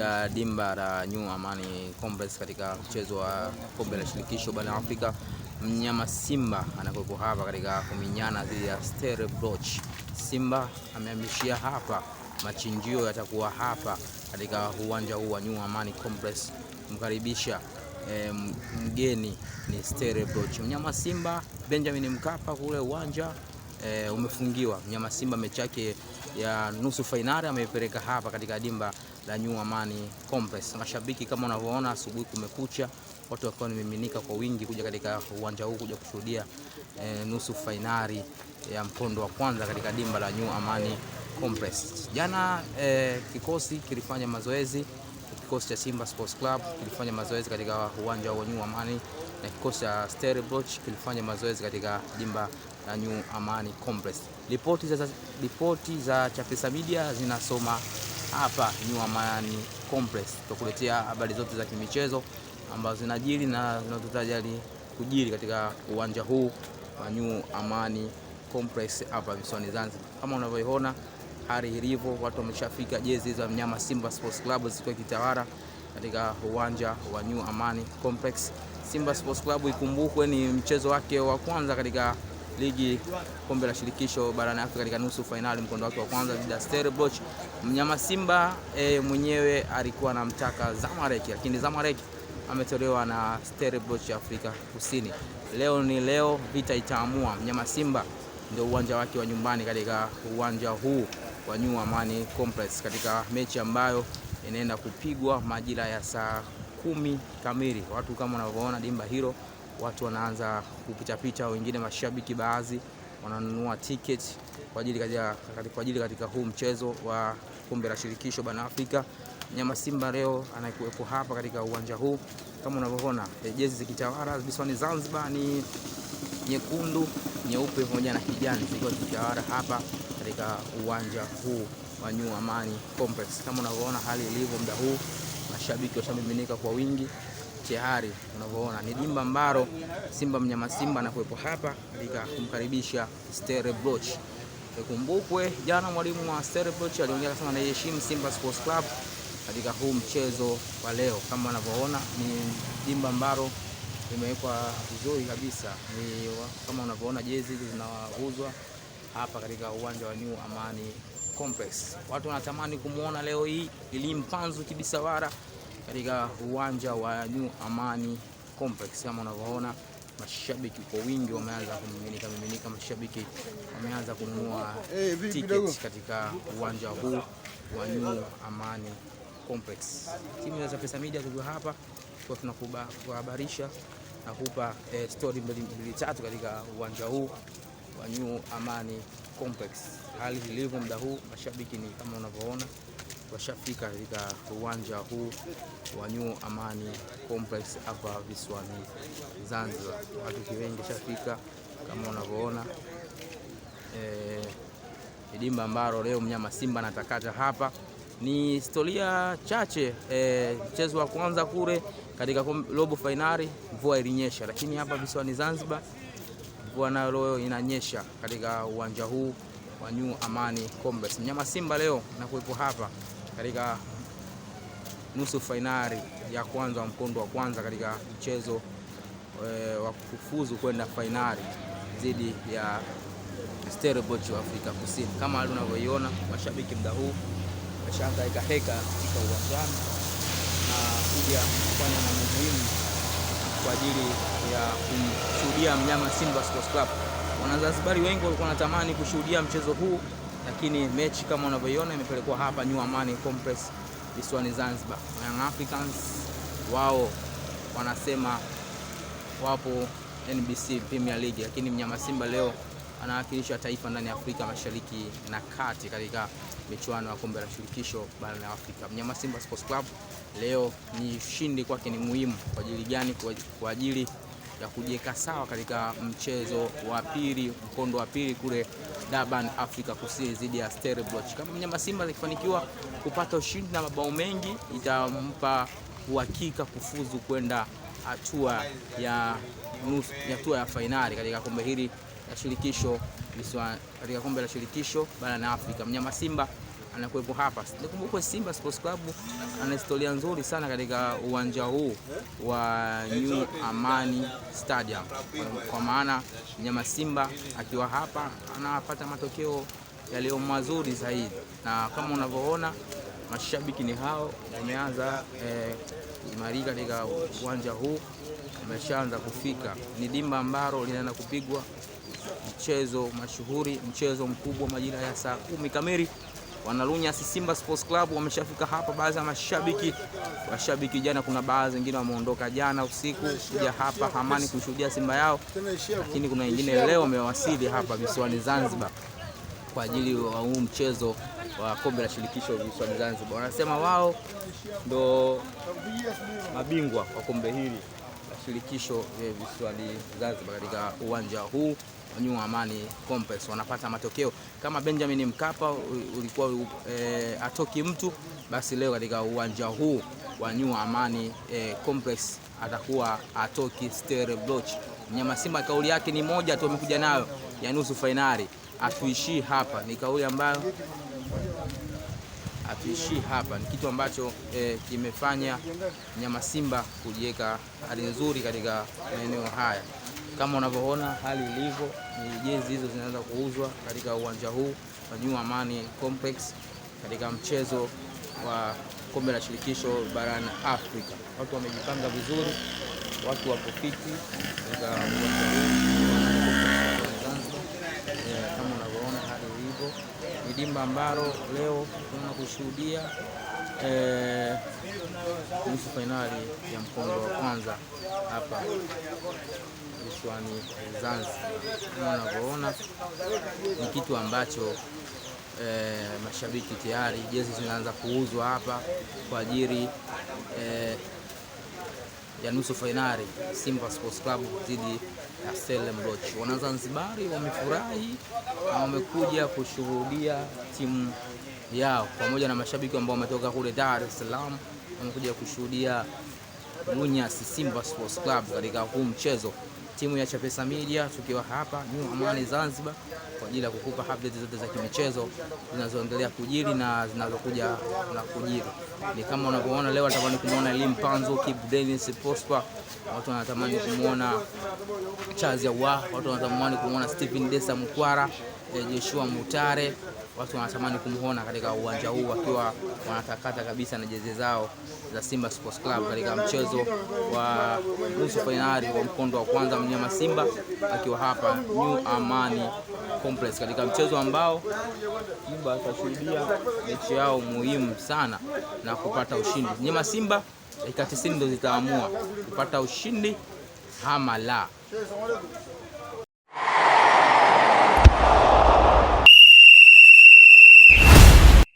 katika dimba la New Amani Complex katika mchezo wa kombe la shirikisho barani Afrika. Mnyama Simba anakuwepo hapa katika kuminyana dhidi ya Stellenbosch. Simba amehamishia hapa, machinjio yatakuwa hapa katika uwanja huu wa New Amani Complex mkaribisha e, mgeni ni Stellenbosch. Mnyama Simba Benjamin Mkapa kule uwanja e, umefungiwa. Mnyama Simba mechi yake ya nusu fainali ameipeleka hapa katika dimba la New Amani Complex. Mashabiki kama unavyoona, asubuhi kumekucha, watu wakiwa wamemiminika kwa wingi kuja katika uwanja huu kuja kushuhudia e, nusu fainali ya mkondo wa kwanza katika dimba la New Amani Complex. Jana e, kikosi kilifanya mazoezi kikosi cha Simba Sports Club kilifanya mazoezi katika uwanja wa New Amani na kikosi cha Stellenbosch kilifanya mazoezi katika dimba na New Amani Complex. Ripoti za, ripoti za Chapesa Media zinasoma hapa New Amani Complex, tutakuletea habari zote za kimichezo ambazo zinajiri na zinazotajali kujiri katika uwanja huu wa New Amani Complex hapa visiwani Zanzibar. Kama unavyoiona hali ilivyo, watu wameshafika, jezi za mnyama Simba Sports Club zikiwa kitawala katika uwanja wa New Amani Complex. Simba Sports Club ikumbukwe, ni mchezo wake wa kwanza katika ligi kombe la shirikisho barani Afrika katika nusu fainali mkondo wake wa kwanza dhidi ya Stellenbosch. Mnyama Simba e, mwenyewe alikuwa anamtaka Zamalek, lakini Zamalek ametolewa na Stellenbosch Afrika Kusini. Leo ni leo, vita itaamua. Mnyama Simba ndio uwanja wake wa nyumbani katika uwanja huu wa New Amani Complex katika mechi ambayo inaenda kupigwa majira ya saa kumi kamili. Watu kama wanavyoona dimba hilo watu wanaanza kupitapita, wengine mashabiki baadhi wananunua tiketi kwa ajili katika, kwa ajili katika huu mchezo wa kombe la shirikisho bara Afrika. Nyama Simba leo anakuwepo hapa katika uwanja huu kama unavyoona, jezi zikitawala visiwani Zanzibar ni nyekundu, nyeupe pamoja na kijani zikiwa zikitawala hapa katika uwanja huu wa New Amani Complex. Kama unavyoona hali ilivyo muda huu, mashabiki washamiminika kwa wingi. Chehari. Unavyoona ni dimba ambalo Simba mnyama Simba anakuwepo hapa katika kumkaribisha Stellenbosch. Ikumbukwe jana mwalimu wa Stellenbosch aliongea na heshima Simba Sports Club katika huu mchezo wa leo. Kama unavyoona ni dimba ambalo limewekwa vizuri kabisa, ni kama unavyoona jezi hizi zinauzwa hapa katika uwanja wa New Amani Complex. Watu wanatamani kumwona leo hii ilimpanzu kibisawara katika uwanja wa New Amani Complex. Kama unavyoona mashabiki kwa wingi wameanza kumiminika miminika, mashabiki wameanza kununua eh, tiketi katika uwanja huu wa New Amani Complex. Timu ya Zafesa Media tukiwa hapa kwa tunakuhabarisha na kupa eh, stori mbili, mbili tatu katika uwanja huu wa New Amani Complex, hali ilivyo muda huu, mashabiki ni kama unavyoona washafika katika uwanja huu wa New Amani Complex hapa visiwani Zanzibar. Watu wengi washafika kama unavyoona e, eh, dimba ambalo leo mnyama Simba natakata hapa. Ni historia chache e, mchezo wa kwanza kule katika robo fainali mvua ilinyesha, lakini hapa visiwani Zanzibar mvua nayo leo inanyesha katika uwanja huu wa New Amani Complex. Mnyama Simba leo nakuwepo hapa katika nusu fainali ya kwanza wa mkondo wa kwanza katika mchezo e, wa kufuzu kwenda fainali dhidi ya Stellenbosch wa Afrika Kusini. Kama hali unavyoiona, mashabiki muda huu washahangaika heka katika uwanjani na kuja kufanya na muhimu kwa ajili ya kumshuhudia mnyama Simba Sports Club. Wanazanzibari wengi walikuwa wanatamani kushuhudia mchezo huu lakini mechi kama unavyoiona imepelekwa hapa New Amani Complex visiwani Zanzibar. Young Africans wao wanasema wapo NBC Premier League, lakini mnyama Simba leo anawakilisha taifa ndani ya Afrika Mashariki na Kati katika michuano ya kombe la shirikisho barani Afrika. Mnyama Simba Sports Club leo ni ushindi kwake ni muhimu kwa ajili gani? Kwa ajili ya kujiweka sawa katika mchezo wa pili, mkondo wa pili kule Durban, Afrika Kusini dhidi ya Stellenbosch. Kama mnyama Simba zikifanikiwa kupata ushindi na mabao mengi, itampa uhakika kufuzu kwenda hatua ya nusu hatua ya fainali katika kombe hili la shirikisho katika kombe la shirikisho barani Afrika. Mnyama Simba anakuwepo hapa. Nikumbukwe Simba Sports Club ana historia nzuri sana katika uwanja huu wa New Amani Stadium, kwa maana mnyama Simba akiwa hapa anapata matokeo yaliyo mazuri zaidi, na kama unavyoona mashabiki ni hao wameanza eh, kuimarika eh, katika uwanja huu ameshaanza kufika. Ni dimba ambalo linaenda kupigwa mchezo mashuhuri, mchezo mkubwa majira ya saa kumi kamili. Wanalunyasi Simba Sports Club wameshafika hapa, baadhi ya mashabiki washabiki jana, kuna baadhi wengine wameondoka jana usiku kuja hapa Hamani kushuhudia Simba yao, lakini kuna wengine leo wamewasili hapa visiwani Zanzibar kwa ajili ya huu mchezo wa kombe la shirikisho visiwani Zanzibar. Wanasema wao ndo mabingwa wa kombe hili shirikisho visiwani Zanzibar katika uwanja huu New Amani Complex wanapata matokeo kama Benjamin Mkapa ulikuwa e, atoki mtu basi, leo katika uwanja huu wa nyua Amani e, Complex atakuwa atoki Stellenbosch. Mnyama Simba kauli yake ni moja tu, amekuja nayo ya nusu fainali, atuishii hapa. Ni kauli ambayo hatuishii hapa. Ni kitu ambacho e, kimefanya nyama simba kujiweka hali nzuri katika maeneo haya. Kama unavyoona hali ilivyo, ni jezi hizo zinaanza kuuzwa katika uwanja huu wa New Amani Complex katika mchezo wa kombe la shirikisho barani Afrika. Watu wamejipanga vizuri, watu wapo fiti katika uwanja huu. dimba ambalo leo tunaenda kushuhudia e, eh, fainali ya mkondo wa kwanza hapa visiwani Zanzibar. Kama unavyoona ni kitu ambacho e, mashabiki tayari jezi zinaanza kuuzwa hapa kwa ajili e, ya nusu fainali Simba Sports Club dhidi ya Stellenbosch. Wanazanzibari wamefurahi na wamekuja kushuhudia timu yao pamoja na mashabiki ambao wametoka kule Dar es Salaam, wamekuja kushuhudia Munyasi Simba Sports Club katika huu mchezo timu ya Chapesa Media tukiwa hapa New Amani Zanzibar kwa ajili ya kukupa update zote za kimichezo zinazoendelea kujiri na zinazokuja na kujiri. Ni kama unavyoona leo natamani kumuona Elim Panzo, Kip Dennis Prosper, watu wanatamani kumuona chazi Awa, watu wanatamani kumuona Stephen Desa Mkwara, eh, Joshua Mutare watu wanatamani kumuona katika uwanja huu wakiwa wanatakata kabisa na jezi zao za Simba Sports Club katika mchezo wa nusu fainali wa mkondo wa kwanza mnyama Simba akiwa hapa New Amani Complex katika mchezo ambao Simba atashuhudia mechi yao muhimu sana na kupata ushindi. Mnyama Simba dakika 90 ndio zitaamua kupata ushindi ama la.